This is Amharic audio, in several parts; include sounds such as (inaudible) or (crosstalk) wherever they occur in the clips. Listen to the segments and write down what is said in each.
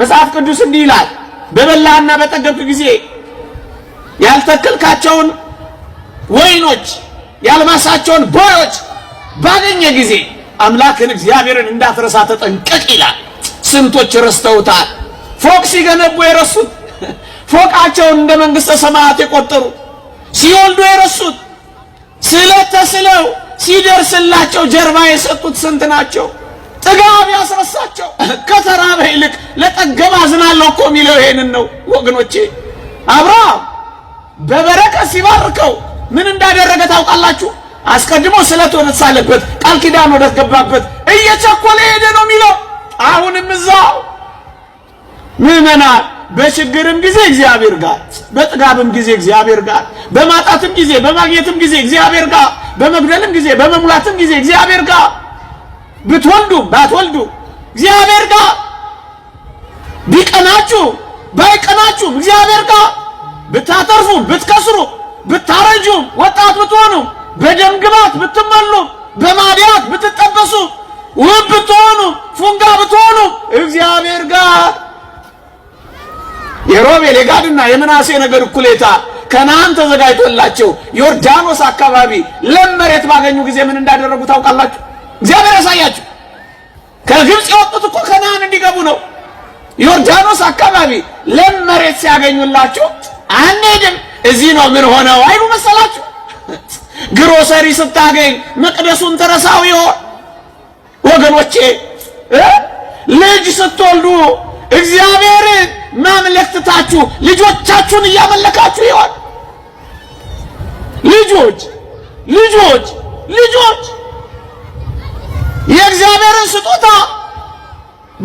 መጽሐፍ ቅዱስ እንዲህ ይላል፣ በበላህና በጠገብክ ጊዜ ያልተከልካቸውን ወይኖች ያልማሳቸውን ቦዮች ባገኘ ጊዜ አምላክን እግዚአብሔርን እንዳትረሳ ተጠንቀቅ ይላል። ስንቶች ረስተውታል። ፎቅ ሲገነቡ የረሱት ፎቃቸውን እንደ መንግሥተ ሰማያት የቆጠሩ ሲወልዱ የረሱት ስለት ተስለው ሲደርስላቸው ጀርባ የሰጡት ስንት ናቸው? ጥጋብ ያስረሳቸው። ከተራበ ይልቅ ለጠገበ አዝናለሁ እኮ የሚለው ይሄንን ነው ወገኖቼ። አብርሃም በበረከት ሲባርከው ምን እንዳደረገ ታውቃላችሁ? አስቀድሞ ስለት ወደተሳለበት ቃል ኪዳን ወደተገባበት እየቸኮለ ሄደ ነው የሚለው። አሁንም እዛው ምዕመናን በችግርም ጊዜ እግዚአብሔር ጋር፣ በጥጋብም ጊዜ እግዚአብሔር ጋር፣ በማጣትም ጊዜ በማግኘትም ጊዜ እግዚአብሔር ጋር፣ በመጉደልም ጊዜ በመሙላትም ጊዜ እግዚአብሔር ጋር ብትወልዱም ባትወልዱ እግዚአብሔር ጋር ቢቀናችሁ ባይቀናችሁም እግዚአብሔር ጋር ብታተርፉ ብትከስሩ ብታረጁ ወጣት ብትሆኑ በደም ግባት ብትመሉ በማዲያት ብትጠበሱ ውብ ብትሆኑ ፉንጋ ብትሆኑ እግዚአብሔር ጋር የሮቤል የጋድና የምናሴ ነገድ እኩሌታ ከነአን ተዘጋጅቶላቸው ዮርዳኖስ አካባቢ ለም መሬት ባገኙ ጊዜ ምን እንዳደረጉ ታውቃላችሁ? እግዚአብሔር ያሳያችሁ። ከግብፅ የወጡት እኮ ከነአን እንዲገቡ ነው። ዮርዳኖስ አካባቢ ለም መሬት ሲያገኙላችሁ አንሄድም እዚህ ነው ምን ሆነው አይሉ መሰላችሁ። ግሮሰሪ ስታገኝ መቅደሱን ትረሳው ይሆን ወገኖቼ? ልጅ ስትወልዱ እግዚአብሔር ማምለክ ትታችሁ ልጆቻችሁን እያመለካችሁ ይሆን? ልጆች ልጆች ልጆች የእግዚአብሔርን ስጦታ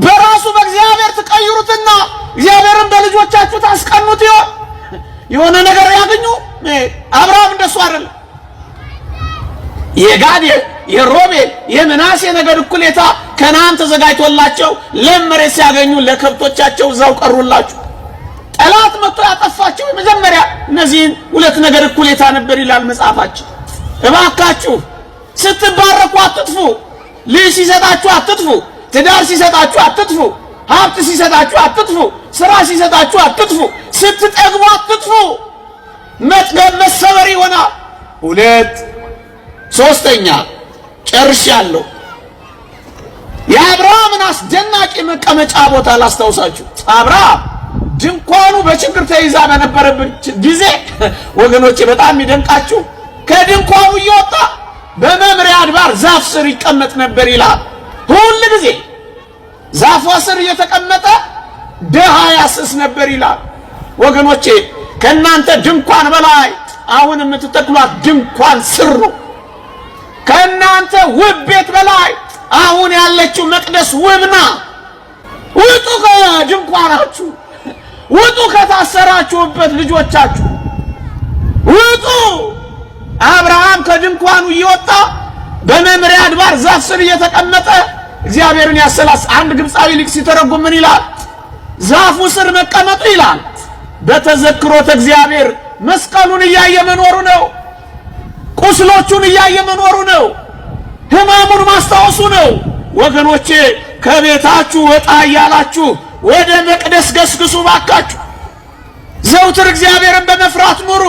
በራሱ በእግዚአብሔር ትቀይሩትና እግዚአብሔርን በልጆቻችሁ ታስቀኑት ይሆን? የሆነ ነገር ያገኙ። አብርሃም እንደሱ አይደለም። የጋድ የሮቤል የምናሴ ነገድ እኩሌታ ከነአን ተዘጋጅቶላቸው ለም መሬት ሲያገኙ ለከብቶቻቸው እዛው ቀሩላችሁ። ጠላት መጥቶ ያጠፋቸው የመጀመሪያ እነዚህን ሁለት ነገር እኩሌታ ነበር ይላል መጽሐፋችን። እባካችሁ ስትባረኩ አትጥፉ። ልጅ ሲሰጣችሁ አትጥፉ። ትዳር ሲሰጣችሁ አትጥፉ። ሀብት ሲሰጣችሁ አትጥፉ። ስራ ሲሰጣችሁ አትጥፉ። ስትጠግቡ አትጥፉ። መጥገብ መሰበር ይሆናል። ሁለት ሶስተኛ ያለው። የአብርሃምን አስደናቂ መቀመጫ ቦታ ላስታውሳችሁ። አብርሃም ድንኳኑ በችግር ተይዛ በነበረበት ጊዜ ወገኖቼ፣ በጣም የሚደንቃችሁ ከድንኳኑ እየወጣ በመምሪያ አድባር ዛፍ ስር ይቀመጥ ነበር ይላል። ሁል ጊዜ ዛፏ ስር እየተቀመጠ ድሃ ያስስ ነበር ይላል። ወገኖቼ ከእናንተ ድንኳን በላይ አሁን የምትተክሏት ድንኳን ስር ነው። ከእናንተ ውብ ቤት በላይ አሁን ያለችው መቅደስ ውብና። ውጡ ከድንኳናችሁ፣ ውጡ ከታሰራችሁበት ልጆቻችሁ፣ ውጡ። አብርሃም ከድንኳኑ እየወጣ በመምሪያ አድባር ዛፍ ስር እየተቀመጠ እግዚአብሔርን ያሰላስ። አንድ ግብፃዊ ሊቅ ሲተረጉም ምን ይላል? ዛፉ ስር መቀመጡ ይላል በተዘክሮት እግዚአብሔር መስቀሉን እያየ መኖሩ ነው። ቁስሎቹን እያየ መኖሩ ነው። ሕማሙን ማስታወሱ ነው። ወገኖቼ ከቤታችሁ ወጣ እያላችሁ ወደ መቅደስ ገስግሱ ባካችሁ። ዘውትር እግዚአብሔርን በመፍራት ኑሩ።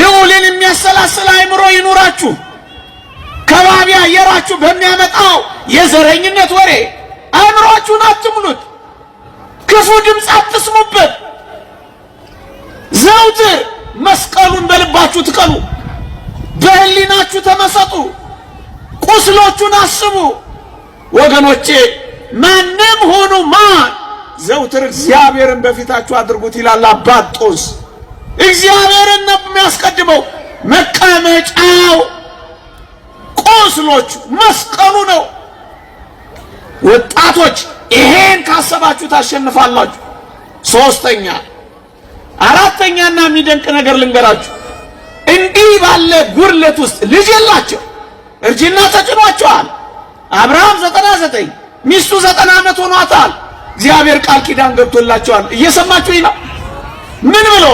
ልዑልን የሚያሰላስል አእምሮ ይኑራችሁ። ከባቢ አየራችሁ በሚያመጣው የዘረኝነት ወሬ አእምሯችሁን አትሙሉት። ክፉ ድምፅ አትስሙበት። ዘውትር መስቀሉን በልባችሁ ትቀሉ። በህሊናችሁ ተመሰጡ። ቁስሎቹን አስቡ። ወገኖቼ ማንም ሆኑ ማን ዘውትር እግዚአብሔርን በፊታችሁ አድርጉት ይላል አባት እግዚአብሔርን ነው የሚያስቀድመው። መቀመጫው ቁስሎቹ መስቀሉ ነው። ወጣቶች ይሄን ካሰባችሁ ታሸንፋላችሁ። ሶስተኛ አራተኛና የሚደንቅ ነገር ልንገራችሁ። እንዲህ ባለ ጉድለት ውስጥ ልጅ የላቸው እርጅና ተጭኗቸዋል። አብርሃም ዘጠና ዘጠኝ ሚስቱ ዘጠና ዓመት ሆኗታል። እግዚአብሔር ቃል ኪዳን ገብቶላቸዋል። እየሰማችሁ ነው። ምን ብሎ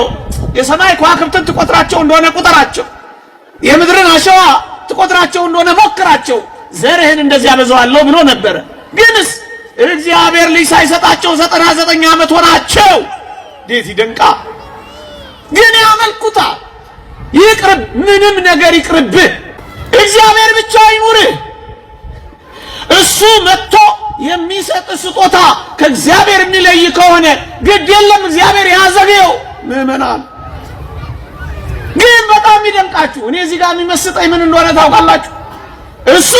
የሰማይ ከዋክብትን ትቆጥራቸው እንደሆነ ቁጠራቸው፣ የምድርን አሸዋ ትቆጥራቸው እንደሆነ ሞክራቸው፣ ዘርህን እንደዚህ አበዛዋለሁ ብሎ ነበረ። ግንስ እግዚአብሔር ልጅ ሳይሰጣቸው ዘጠና ዘጠኝ ዓመት ሆናቸው። እንዴት ይደንቃ! ግን ያመልኩታ ይቅርብ፣ ምንም ነገር ይቅርብህ፣ እግዚአብሔር ብቻ ይኑርህ። እሱ መጥቶ የሚሰጥ ስጦታ ከእግዚአብሔር የሚለይ ከሆነ ግድ የለም እግዚአብሔር ያዘገየው። ምእመናን ግን በጣም ይደንቃችሁ። እኔ እዚህ ጋር የሚመስጠኝ ምን እንደሆነ ታውቃላችሁ? እሱ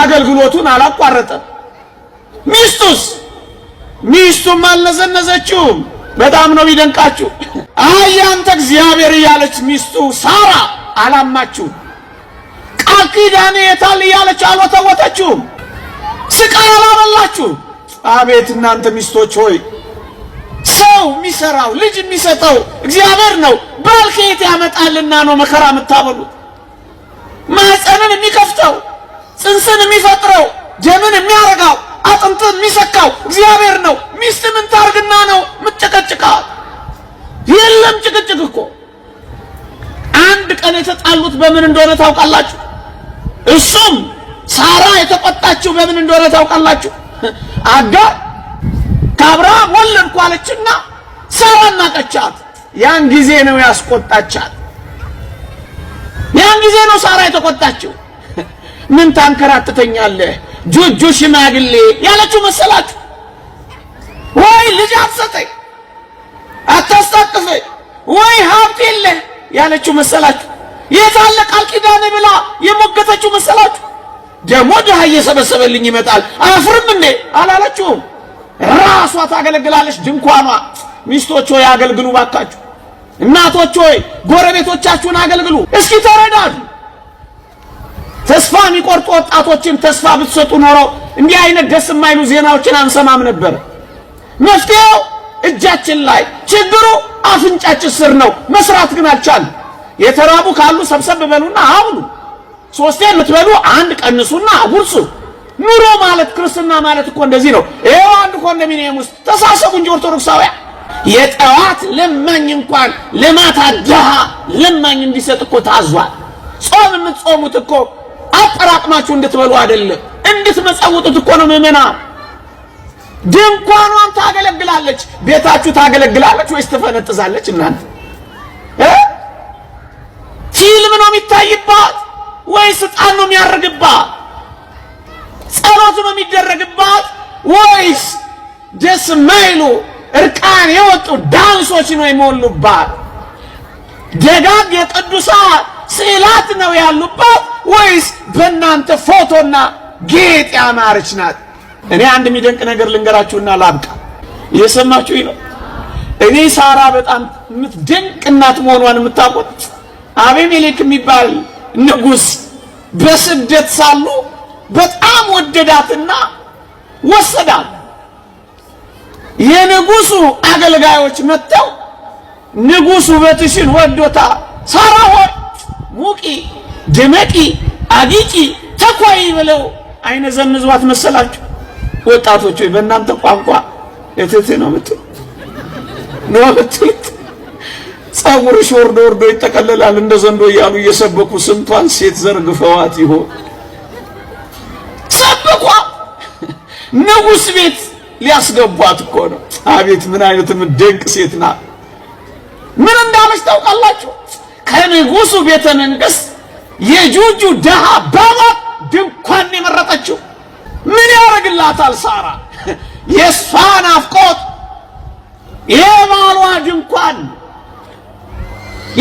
አገልግሎቱን አላቋረጠም። ሚስቱስ ሚስቱም አልነዘነዘችውም። በጣም ነው ይደንቃችሁ። አይ አንተ እግዚአብሔር እያለች ሚስቱ ሳራ አላማችሁም። ቃል ኪዳኔ የታል እያለች አልወተወተችውም። ስቃይ አላበላችሁም። አቤት እናንተ ሚስቶች ሆይ ሰው የሚሰራው ልጅ የሚሰጠው እግዚአብሔር ነው። ባል ከየት ያመጣልና ነው መከራ የምታበሉት? ማህፀንን የሚከፍተው ጽንስን የሚፈጥረው ደምን የሚያረጋው አጥንትን የሚሰካው እግዚአብሔር ነው። ሚስት ምን ታርግና ነው የምትጨቀጭቃት? የለም ጭቅጭቅ እኮ አንድ ቀን የተጣሉት በምን እንደሆነ ታውቃላችሁ? እሱም ሳራ የተቆጣችው በምን እንደሆነ ታውቃላችሁ? አጋር ከአብርሃም ወለድኩ አለችና ሳራን ናቀቻት። ያን ጊዜ ነው ያስቆጣቻት። ያን ጊዜ ነው ሳራ የተቆጣችው። (laughs) ምን ታንከራትተኛለህ ጆጆ ሽማግሌ ያለችው መሰላችሁ ወይ? ልጅ አትሰጠኝ አታስታቅፈኝ ወይ ሀብት የለ ያለችው መሰላችሁ? የታለ ቃል ኪዳኔ ብላ የሞገተችው መሰላችሁ? ደግሞ ድሃ እየሰበሰበልኝ ይመጣል አፍርም እንዴ አላለችውም። ራሷ ታገለግላለች ድንኳኗ። ሚስቶች ሆይ አገልግሉ ባካችሁ። እናቶች ሆይ ጎረቤቶቻችሁን አገልግሉ። እስኪ ተረዳዱ። ተስፋ የሚቆርጡ ወጣቶችን ተስፋ ብትሰጡ ኖሮ እንዲህ አይነት ደስ የማይሉ ዜናዎችን አንሰማም ነበር። መፍትሄው እጃችን ላይ፣ ችግሩ አፍንጫችን ስር ነው። መስራት ግን አልቻል። የተራቡ ካሉ ሰብሰብ በሉና አብሉ። ሶስቴ የምትበሉ አንድ ቀንሱና ጉርሱ። ኑሮ ማለት ክርስትና ማለት እኮ እንደዚህ ነው። ይሄው አንድ ኮንዶሚኒየም ውስጥ ተሳሰቡ እንጂ ኦርቶዶክሳውያን የጠዋት ለማኝ እንኳን ለማታ ድሃ ለማኝ እንዲሰጥ እኮ ታዟል። ጾም የምትጾሙት እኮ አጠራቅማችሁ እንድትበሉ አይደለም፣ እንድትመጸውጡት እኮ ነው። ምመና ድንኳኗን ታገለግላለች፣ ቤታችሁ ታገለግላለች ወይስ ትፈነጥዛለች? እናንተ ፊልም ነው የሚታይባት ወይስ ዕጣን ነው የሚያርግባት? ጸሎት ነው የሚደረግባት ወይስ ደስ ማይሉ እርቃን የወጡ ዳንሶች ነው የሞሉባት? ደጋግ የቅዱሳ ስዕላት ነው ያሉባት ወይስ በእናንተ ፎቶና ጌጥ ያማረች ናት? እኔ አንድ የሚደንቅ ነገር ልንገራችሁና ላብቃ። እየሰማችሁ ነው። እኔ ሳራ በጣም የምትደንቅ እናት መሆኗን የምታውቁት አቤሜሌክ የሚባል ንጉሥ በስደት ሳሉ በጣም ወደዳትና ወሰዳት። የንጉሱ አገልጋዮች መጥተው ንጉሱ ውበትሽን ወዶታ ሳራ ሆይ ሙቂ፣ ድመቂ፣ አጊቂ፣ ተኳይ ብለው አይነ ዘንዟት መሰላችሁ። ወጣቶች ሆይ በእናንተ ቋንቋ እትት ነው የምትሉ ነው የምትሉት። ጸጉርሽ ወርዶ ወርዶ ይጠቀለላል እንደ ዘንዶ እያሉ እየሰበኩ ስንቷን ሴት ዘርግፈዋት ይሆን? ንጉስ ቤት ሊያስገቧት እኮ ነው። አቤት ምን አይነት ምን ድንቅ ሴት ናት! ምን እንዳለች ታውቃላችሁ? ከንጉሱ ቤተ መንግስት የጁጁ ደሃ ባባ ድንኳን የመረጠችው ምን ያደርግላታል? ሳራ የእሷ ናፍቆት የባሏ ድንኳን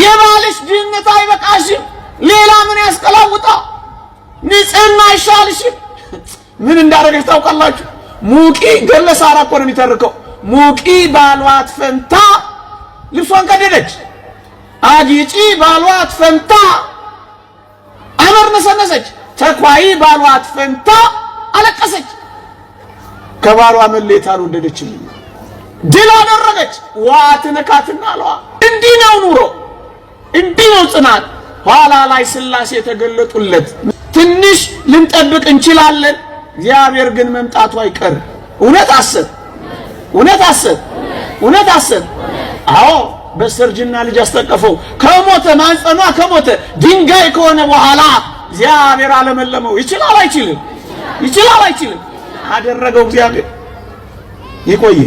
የባልሽ ድህነት አይበቃሽም? ሌላ ምን ያስቀላውጣ? ንጽህና አይሻልሽም? ምን እንዳደረገች ታውቃላችሁ? ሙቂ ገለ ሳራ እኮ ነው የሚተርከው። ሙቂ ባሏት ፈንታ ልብሷን ቀደደች። አጊጪ ባሏት ፈንታ አመር ነሰነሰች። ተኳይ ባሏት ፈንታ አለቀሰች። ከባሏ መለየት አልወደደችም። ድል አደረገች። ዋት ነካትና አለዋ። እንዲህ ነው ኑሮ፣ እንዲህ ነው ጽናት። ኋላ ላይ ስላሴ የተገለጡለት ትንሽ ልንጠብቅ እንችላለን እግዚአብሔር ግን መምጣቱ አይቀር። እውነት አስብ፣ እውነት አስብ፣ እውነት አስብ። አዎ በሰርጅና ልጅ አስጠቀፈው ከሞተ ማንጸኗ ከሞተ ድንጋይ ከሆነ በኋላ እግዚአብሔር አለመለመው። ይችላል አይችልም? ይችላል አይችልም? አደረገው እግዚአብሔር። ይቆይ